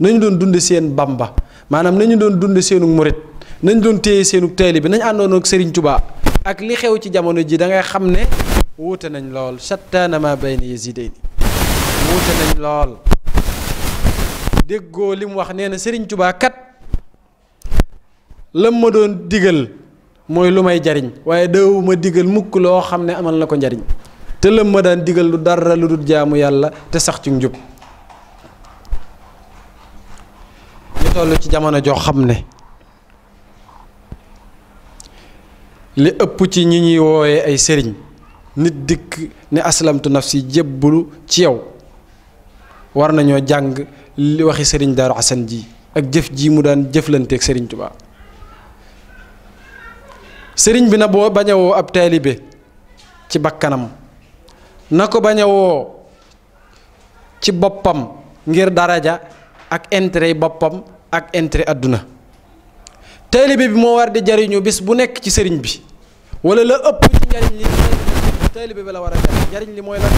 nañu doon dund seen bamba maanaam nañu doon dunde seenu murit nañu doon téye seenu taalibe bi nañu àndoon ak Sëriñ Tuubaa ak li xew ci jamono ji dangay xam ne wuute nañ lool shattaana ma bayna yazidayn wuute nañ lool déggoo li mu wax nee na Serigne Touba kat lam ma doon digal mooy lu may jariñ waaye dawuma digal mukk loo xam ne amal na ko njariñ te lëm ma daan digal lu dara lu dul jaamu yàlla te sax ci njub ñu toll ci jamono joo xam ne li ëpp ci ñi ñuy woowee ay sëriñ nit dikk ne aslamtu nafsi jébbulu ci yow war nañoo jàng li waxi sëriñ Daaru Asan ji ak jëf ji mu daan jëflanteeg sëriñ Tuubaa sëriñ bi na boo bañ a woo ab taalibe ci bakkanam na ko bañ a ci boppam ngir daraja ak intérêt boppam ak intérêt àdduna taalibe bi moo war di jariñu bis bu nekk ci sëriñ bi wala la ëpp ci njariñ li jariñ li mooy la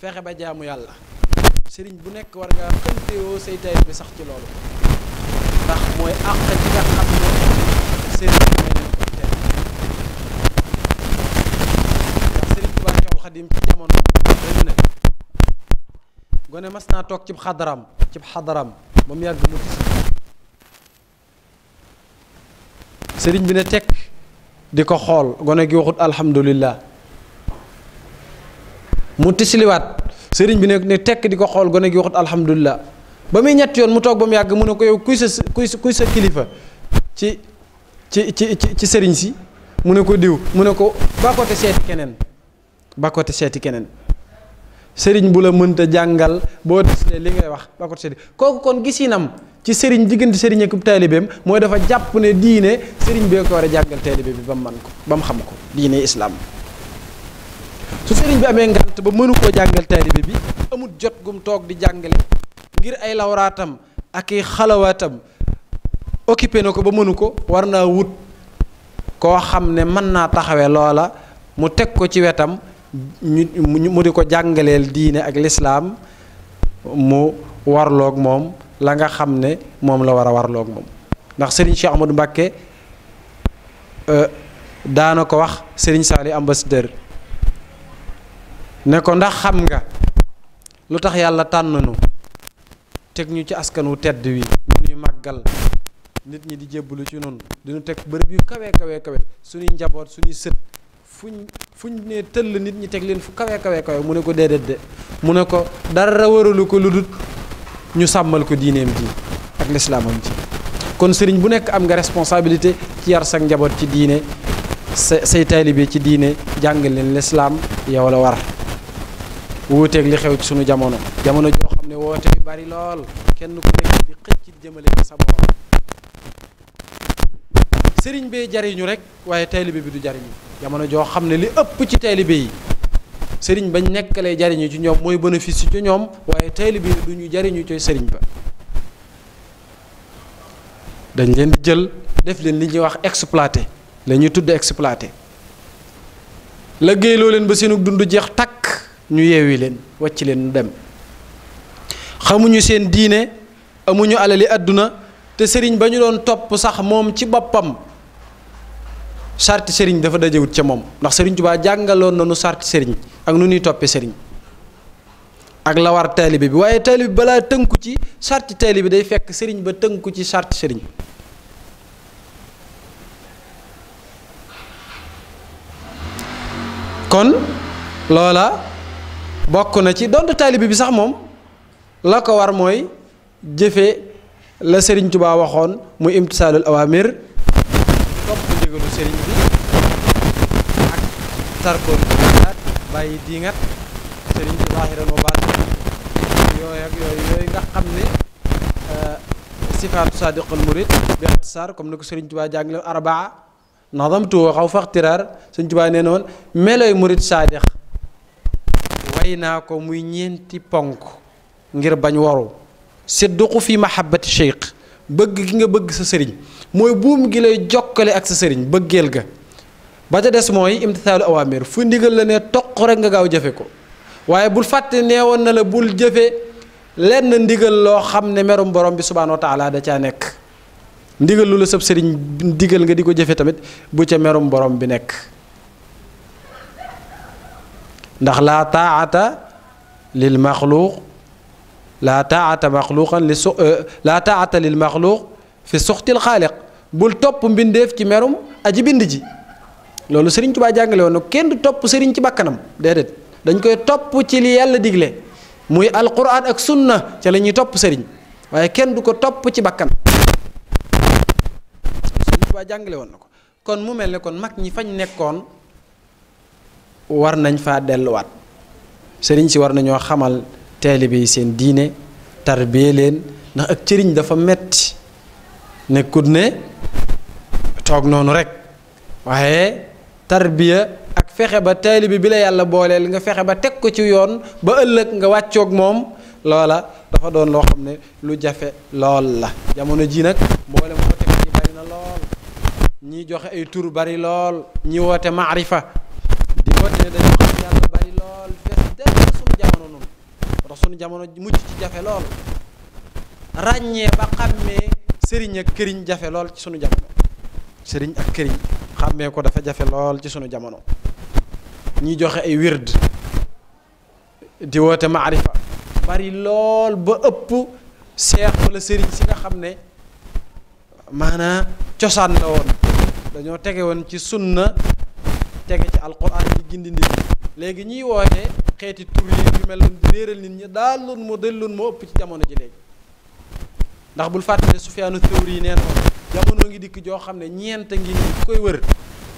fexe ba mu yàlla sëriñ jaamu yàlla sëriñ bu nekk war ngaa xëntewoo say taalibe bi sax ci loolu ndax mooy àq ci nga xam ne sëriñ bi may leen ko teel ndax sëriñ Tuubaa Seexul Xadiim ci jamono dañu ne gone mas naa toog cib xadaram cib xadaram ba mu yàgg mu sëriñ bi ne teg di ko xool gone gi waxut alhamdulillah mu tisliwaat sëriñ bi ne ne tekk di ko xool gone gi waxut alhamdulillah ba muy ñett yoon mu toog ba mu yàgg mu ne ko yow kuy sa kuy sa kilifa ci ci ci ci sëriñ si mu ne ko diw mu ne ko ba ko seeti keneen ba seeti keneen sëriñ bu la mënta jàngal boo see li ngay wax ba ko sëriñ kooku kon gisinam ci sëriñ diggante sëriñ ak taalibeem mooy dafa jàpp ne diine sëriñ bee ko war a jàngal taalibe bi ba man ko ba mu xam ko diine islaam su sëriñ ba mënu koo bi amut jot gum toog di jàngale ngir ay lawraatam ak i xalawaatam occupé na ko ba mënu ko war naa wut koo xam ne mën naa taxawe loola mu teg ko ci wetam ñu mu di ko jàngaleel diine ak lislaam mu warlook moom la nga xam ne moom la war a warloog moom ndax sëriñ Cheikh Ahmadou Mbacké euh, daana ko wax sëriñ Saali ambassadeur ne ko ndax xam nga lu tax yàlla tànn nu teg ñu ci askan wu tedd wi ñu ñuy màggal nit ñi di jébbalu ci noonu dinu teg bërëb yu kawe kawe kawe suñuy njaboot suñuy sët fuñ fuñ ne tëll nit ñi teg leen fu kawe kawe kawe mu ne ko déedéet de mu ne ko dara waralu ko lu dul ñu sàmmal ko diineem ji ak lislaamam ji kon sëriñ bu nekk am nga responsabilité ci yar sa njaboot ci diine sa say taalibe ci diine jàng leen lislaam yow la war wuuteeg li xew ci sunu jamono jamono joo xam ne woote yu bari lool kenn ku nekk di xëcc jëmale ci sa borom sëriñ bee jariñu rek waaye taalibe bi du jariñu jamono joo xam ne li ëpp ci taalibe yi sëriñ bañ nekkalee jariñu ci ñoom mooy bénéfice ci ñoom waaye taalibe yi du ñu jariñu ci sëriñ ba dañ leen di jël def leen li ñuy wax exploité la ñuy tudd exploité liggéey loo leen ba seenu dund jeex takk ñu yeewi leen wàcc leen dem xamuñu seen diine amuñu alali àdduna te sëriñ ba ñu doon topp sax moom ci boppam sarti sëriñ dafa dajewut ca moom ndax sëriñ Tuubaa jàngaloon na nu sarti sëriñ ak nu ñuy toppe sëriñ ak la war taalibe bi waaye taalibe bi balaa tënku ci sarti taalibe bi day fekk sëriñ ba tënku ci sarti sëriñ kon loola bokk na ci donte taalibe bi sax moom la ko war mooy jëfe la sëriñ Tuubaa waxoon mu imtisaalul awaamir Gumusiringi Aktar kontribuat bayi dingat Siringi lahiran obat yo ya yo yo enggak xamne nih eh, sifat sadiqul murid bi atsar comme nako serigne touba jangle nadam nadamtu wa khawfa ikhtirar serigne touba nenon meloy murid sadiq wayna ko muy ñenti ponk ngir bañ waru sidduqu fi mahabbati shaykh bëgg gi nga bëgg sa serigne moy buum gi lay jokale ak sa serigne beugel ga ba ca dess moy imtisaalu awamir fu ndigal la ne tok rek nga gaw jafé ko waye bul fàtte nee woon na la bul jafé len ndigal lo xamne merum borom bi subhanahu wa taala da ca nek ndigal lu la sab sëriñ ndigal nga diko jafé tamit bu ca merum borom bi nek ndax la taata lil makhluq laa taata maxluuqan li su laa taata lil maxluuq fi suxtil khaliq bul top mbindef ci merum aji bind ji lolou serigne touba jangale won ken du top serigne ci bakkanam dedet dañ koy top ci li yalla digle muy alquran ak sunna ci top top serigne waye ken du ko top ci bakkan serigne touba jangale won nako ko kon mu mel kon mak ñi fañ nekkon war nañ delu wat serigne ci war nañu xamal taalibe sen seen diine tarbiyee ndax ak serigne dafa metti nekkut ne toog noonu rek waaye tarbiya ak fexe ba taalibi bi la yàlla booleel nga fexe ba teg ko ci yoon ba ëllëg nga wàccook moom loola dafa doon loo xam ne lu jafe lool la jamono ji nag mboolem woote kat yi bari na lool ñi joxe ay tur bari lool ñi woote maarifa di woote ne dañoo xam yàlla bari lool fees dell suñu jamono noonu tax mucc ci jafe lool ràññee ba xàmmee sëriñ ak këriñ jafe lool ci suñu jamono sëriñ ak këriñ xàmmee ko dafa jafe lool ci suñu jamono ñuy joxe ay wird di woote maarifa bari lool ba ëpp seex walla sëriñ si nga xam ne maanaa cosaan la woon dañoo tege woon ci sunna tege ci alquran yi gindi nit ñi léegi ñuy woote xeeti tur yi yu mel noonu nit ñi daal loolu moo delloon moo ëpp ci jamono ji léegi ndax bul fàttali Sufyaanu Tawri yi nee na jamono ngi dikk joo xam ne ñeent ngi nii ku koy wër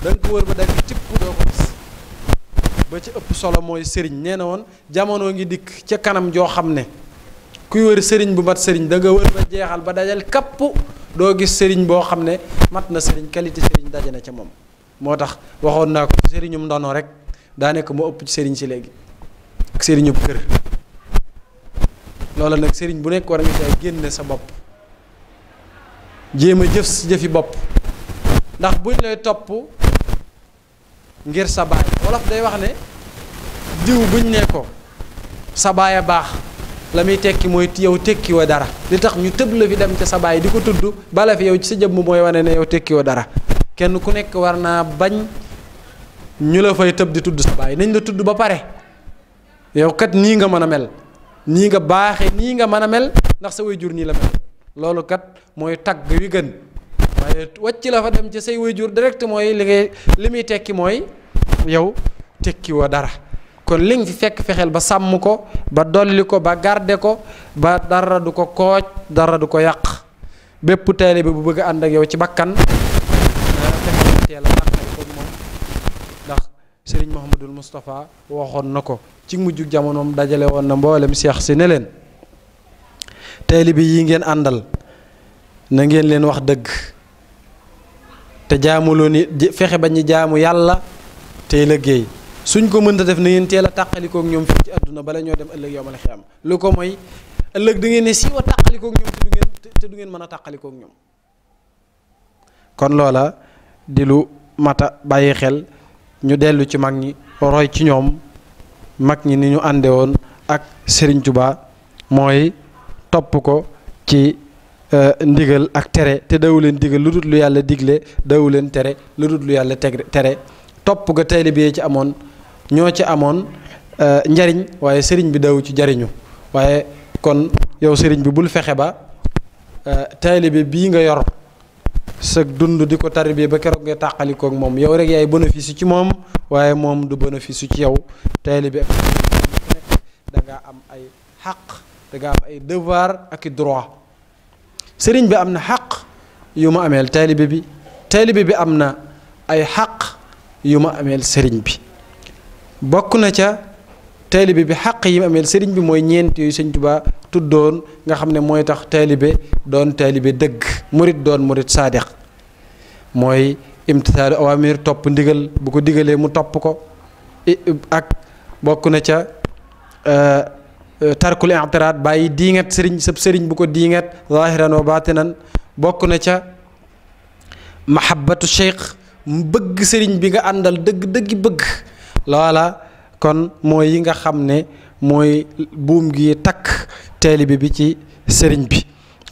da nga ko wër ba dagg cëpp doo ko gis ba ci ëpp solo mooy sëriñ nee na woon jamono ngi dikk ca kanam joo xam ne kuy wër sëriñ bu mat sëriñ da wër ba jeexal ba dajal kapp doo gis sëriñ boo xam ne mat na sëriñ qualité sëriñ daje ne ca moom moo tax waxoon naa ko ci sëriñum ndono rek daa nekk mu ëpp ci sëriñ si léegi ak sëriñub kër loola nag sëriñ bu nekk war sa bopp jema a jëf jefi jëfi bopp ndax buñ lay top ngir sa bay wolof day wax ne diw buñ ne ko sa baye a lamuy la tekki moy yow tekki wa dara li tax ñu tëb la fi dem ci sa baye di ko bala fi yow ci sa jëmm wane ne yow tekki wa dara kenn ku nekk warna bañ ñu la fay di tuddu sa baye nañ la tuddu ba pare yow kat ni nga mëna mel ni nga baxé ni nga mëna mel ndax sa way jur ni la mel loolu kat mooy tagg wi gën waaye wàcc la fa dem ci say jur direct mooy li ngay li muy tekki mooy yow tekki woo dara kon li nga fi fekk fexeel ba sàmm ko ba dolli ko ba garde ko ba dara du ko kooj dara du ko yàq bépp bi bu bëgg ànd ak yow ci bakkan teel a tàqale ko moom ndax Serigne Mouhamadul Moustapha waxoon na ko ci mujjug jamonoom dajale woon na mboolem seex si ne leen bi yi ngeen àndal na ngeen leen wax dëgg te jaamuloo ni fexe ba ñu jaamu yàlla tey liggéey suñ ko mën te def na ngeen teel la tàqalikook ñoom fii ci àdduna bala ñoo dem ëllëg yowmal xiyaam lu ko mooy ëllëg da ngeen ne siiw a ñoom te du ngeen te du ngeen mën a tàqalikook ñoom kon loola di lu mata bàyyi xel ñu dellu ci mag ñi roy ci ñoom mag ñi ni ñu ànde woon ak sëriñ Touba mooy topp ko ci euh, ndigal ak tere te dawu leen digal lu dut lu yàlla digle dawu leen tere lu dut lu yàlla teg tere topp ga taalibe yi ci amoon ñoo ci amoon euh, njariñ waaye sëriñ bi daw ci jariñu waaye kon yow sëriñ bi bul fexe ba euh, taalibe bii nga yor sa dund di ko tarbiye ba keroog nga tàqalikook moom yow rek yaay bénéfice ci moom waaye moom du bénéfice ci yow taalibe ak am ay xaq da nga am ay devoir ak i droit sëriñ bi am na xaq yu ma ameel taalibe bi taalibe bi am na ay xaq yu ma ameel sëriñ bi bokk na ca taalibe bi xaq yi ma ameel sëriñ bi mooy ñeent yooyu sëñ Tuubaa tuddoon nga xam ne mooy tax taalibe doon taalibe dëgg murit doon murit saadiq mooy imtisaalu awaamir topp ndigal bu ko digalee mu topp ko ak bokk na ca tarkul i'tiraad bàyyi diingat sëriñ sëb sëriñ bu ko diingat zaahiran wa baatinan bokk na ca mahabbatu cheikh bëgg sëriñ bi nga àndal dëgg dëggi bëgg loola kon mooy yi nga xam ne mooy buum gi takk taalibe bi ci sëriñ bi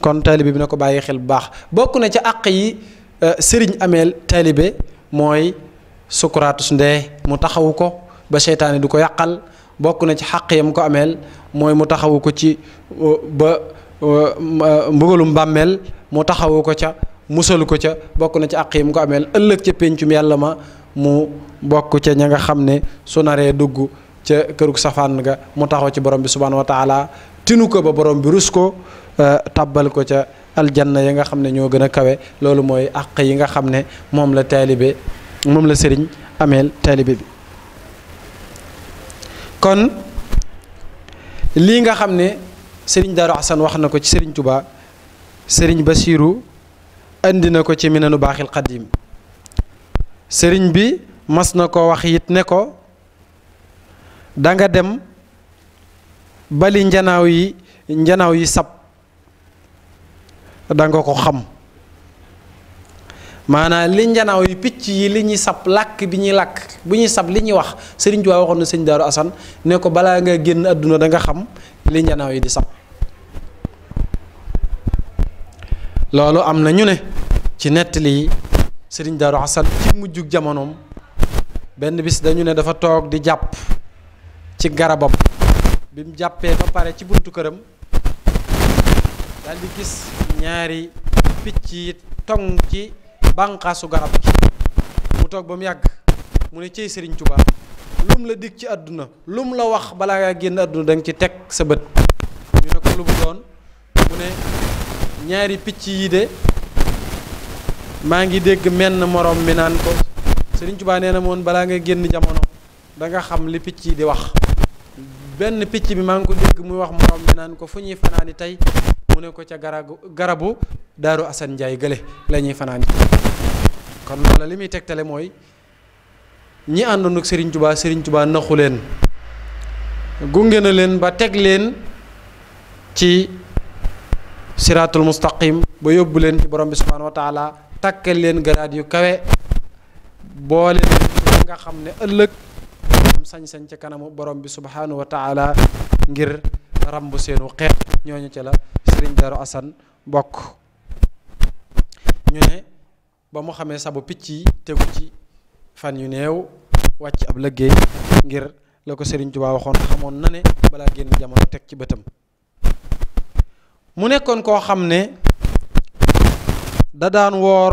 kon taalibe bi na ko bàyyi xel bu baax bokk na ca àq yi euh, sëriñ ameel taalibe mooy sukkuraatus ndee mu taxawu ko ba seytaane du ko yàqal bokk na ci xàq mu ko ameel mooy mu taxawu ko ci uh, ba uh, uh, mbugalum mbàmmeel mu taxawu ko ca musalu ko ca bokk na ci àq yi mu ko ameel ëllëg ca péncum yàlla ma mu bokk ca ña nga xam ne su naree dugg ca kërug safaan ga mu taxaw ci borom bi subhaanahu taala tinu ko ba borom bi rus ko tabbal ko ca aljanna yi nga xam ne ñoo gën a kawe loolu mooy àq yi nga xam ne moom la taalibe moom la sëriñ ameel taalibe bi kon lii nga xam ne sëriñ Darou Assane wax na ko ci sëriñ Touba sëriñ Basiiru indi na ko ci minanu baaxil xadim sëriñ bi mas na ko wax it ne ko danga dem bali njanaaw yi njanaaw yi sab danga ko xam maanaam li njanaaw yi picc yi li ñuy sab làkk bi ñuy làkk bu ñuy sab li ñuy wax sëriñ Tuubaa waxoon na sëñ Daaru Asan ne ko balaa nga génn àdduna da nga xam li njanaaw yi di sab loolu am na ñu ne ci nettali sëriñ Daaru Asan ci mujjug jamonoom benn bis dañu ne dafa toog di jàpp ci garabam bi mu jàppee ba pare ci buntu këram daal di gis ñaari picc yi tong ci su garab mu tok bam mu mu ne ci serigne touba lum la dik ci aduna lum la wax bala ngaa genn aduna dang ci tek sa beut ñu ne ko lu bu doon mu ne ñaari picc yi de ma ngi deg men morom mi nan ko serigne touba neena na moon balaa nga genn jamono da nga xam li picc di wax ben picc bi ma ngi ko muy wax morom mi nan ko fu ñuy fanani tay mu ne ko ca garabu daru Asan jay gele la fanani xam naa la li muy tegtale mooy ñi àndoon ak Serigne Touba Serigne naxu leen gunge na leen ba teg leen ci siraatul mustaqim ba yóbbu leen ci borom bi subhaanahu wa taala takkal leen garaat yu kawe boole leen nga xam ne ëllëg sañ-sañ ci kanamu borom bi subhaanahu wa taala ngir rambu seenu xeex ñooñu ci la Serigne Darou asan bokk ñu ne ba mo xamé sabu bu picci teggu ci fan yu néew wacc ab liggéey ngir lako Serigne Touba waxon xamone na ne bala genn jamono tek ci beutam mu nekkon ko xam da daan wor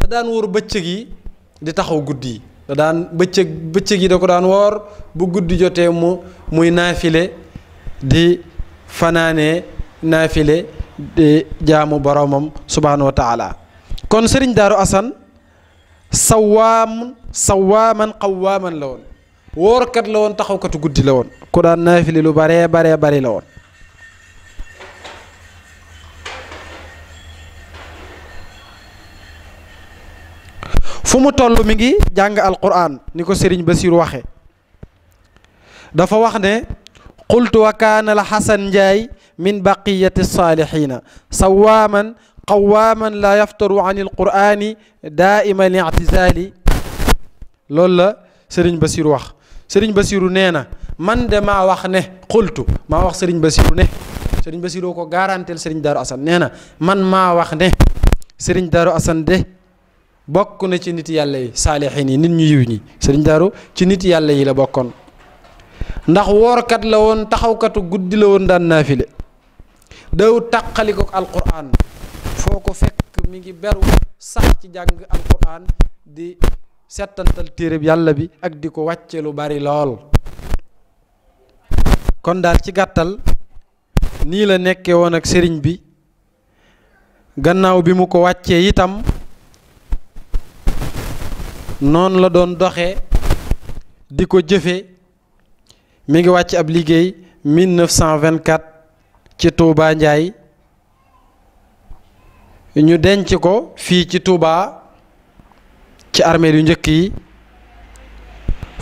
da daan wor bëccëg yi di taxaw guddi da daan bëccëg bëccëg yi da ko daan wor bu guddi mu muy nafilé di fanane. Nafile di jaamu boromam Subhanahu wa taala kon serigne daru asan sawam sawaman qawaman lawon wor kat lawon taxaw kat guddi lawon woon ku daan naafile lu bare bare bare lawon fumu tollu mi ngi jang alquran niko serigne basir waxe dafa wax ne qultu wa kana la xasan من بقية الصالحين صواما قواما لا يفتر عن القرآن دائما الاعتزال لولا سرين بسير وخ sëriñ Basiru nee na man de maa wax ne xultu maa wax sëriñ Basiru ne sëriñ Basiru ko garanteel sëriñ Daaru Asan nee na man maa wax ne sëriñ Daaru Asan de bokk na ci nit yàlla yi saalixiin yi nit ñu yiw ñi sëriñ Daaru ci nit yàlla yi la bokkoon ndax woorkat la woon taxawkatu guddi la woon daan naafile daw tàqalikook alquran foo ko fekk mi ngi beru sax ci jàng alquran di settantal téereb yàlla bi ak di ko wàcce lu bari lool kon daal ci gàttal nii la nekke woon ak sëriñ bi gannaaw bi mu ko wàccee itam noonu la doon doxee di ko jëfe mu ngi wàcc ab liggéey 1924 ci Touba Njaay ñu denc ko fii ci tuubaa ci armeel yu njëkk yi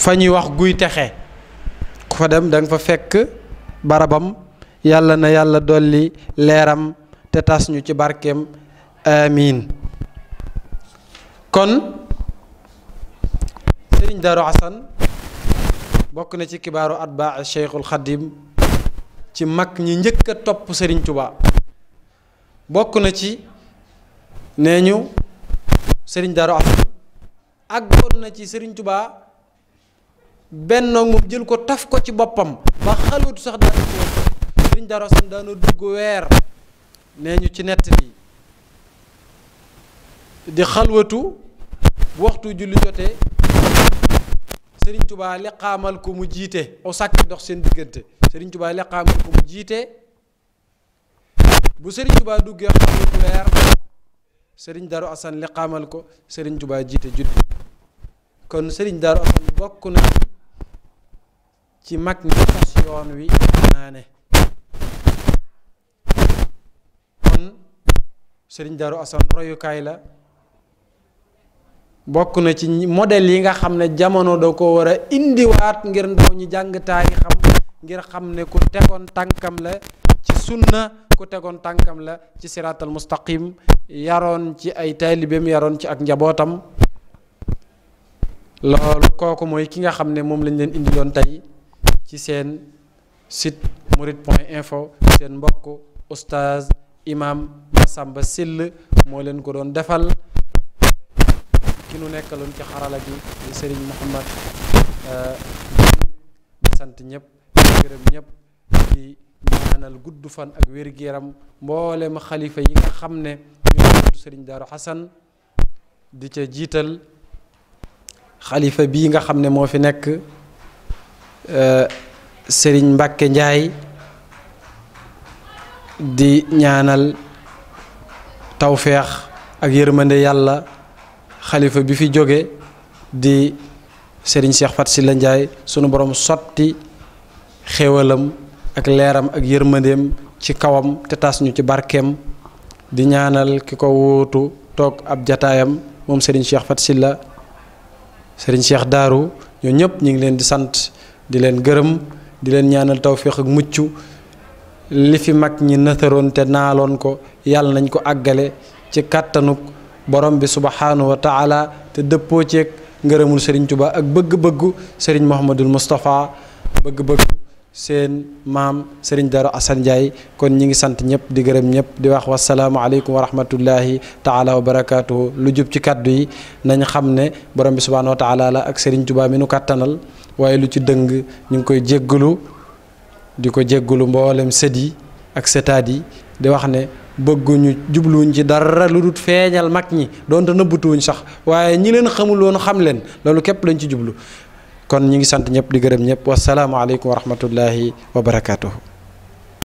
fa ñuy wax guy texe ku fa dem da fa fekk barabam yàlla na yàlla dolli leeram te tas ñu ci barkeem amiin kon Sëriñ Daaru Asan bokk na ci kibaaru atbaa Cheikhul Xadim ci mag ñi njëkk topp sëriñ Touba bokk na ci nee ñu Serigne Darou ak àggoon na ci Serigne Touba benn moom jël ko taf ko ci boppam ba xalut sax daal di ko Serigne daana dugg weer nee ñu ci nett bi di xalwatu bu waxtu julli jote sëriñ Touba li xaamal ko mu jiite o sàkki dox seen diggante. Serigne Touba leqaam ko mu jiite bu Serigne Touba duggee xolu weer Serigne Darou Assane leqaamal ko sëriñ Touba jiite juddu kon sëriñ Darou Assane bokk na ci mag ñi fas yoon wi naa ne kon Serigne Darou Assane royukaay la bokk na ci model yi nga xam ne jamono da ko war a indiwaat ngir ndaw ñi jàng taarixam ngir xam ne ku tegoon tànkam la ci sunna ku tegoon tànkam la ci siraatal mustaqim yaroon ci ay taalibeem yaroon ci ak njabootam loolu kooku mooy ki nga xam ne moom lañ leen indiloon tey ci seen sit murid point info seen mbokk oustaz imam sàmba Syll moo leen ko doon defal ki nu nekkaloon ci xarala gi di Serigne euh, di sant ñëpp gërëm ñëpp di ñaanal gudd fan ak wér-gu-yaram mboolem xalifa yi nga xamne ñu ñoo sëriñ Daaru di ca jital khalifa bi nga xamne mo fi nek euh serigne di ñaanal tawfiq ak yërmande yalla khalifa bi fi joge di Sering Cheikh Fat Silla ndjay sunu borom soti xewalam ak leram ak yermandem ci kawam te tas ci barkem di ñaanal kiko wootu tok ab jataayam mom Serigne Cheikh Fat Serigne Cheikh daru ñoo ñep ñi ngi leen di sant di leen gërem di leen ñaanal tawfiq ak muccu li fi mag ñi nëtëroon te naalon ko yàlla nañ ko tanuk, ci katanuk borom bi subhanahu wa taala te dëppoo ci ngeureumul Serigne Touba ak bëgg-bëggu Serigne mohammedul mustafa bëgg-bëgg sen mam serigne Darou Assane jay kon ñi ngi sante ñep di gërem ñep di wax alaykum wa rahmatullahi taala wa barakatuh lu jup ci kaddu yi nañ xamne borom bi subhanahu wa taala la ak serigne Tuubaa mi nu katanal waye lu ci deung ñu ngi koy jéggulu di jéggulu mbolem mboolem ak setadi di wax ne bëgguñu jubluwuñ ci dara lu dut feñal mag ñi doonte nëbbatuwuñ sax waye ñi leen xamul won xam leen lolu kep lañ ci jublu kon ñu ngi sant ñëpp di gërëm ñëpp wasalaamualeykum wa rahmatullahi wa barakaatuhu.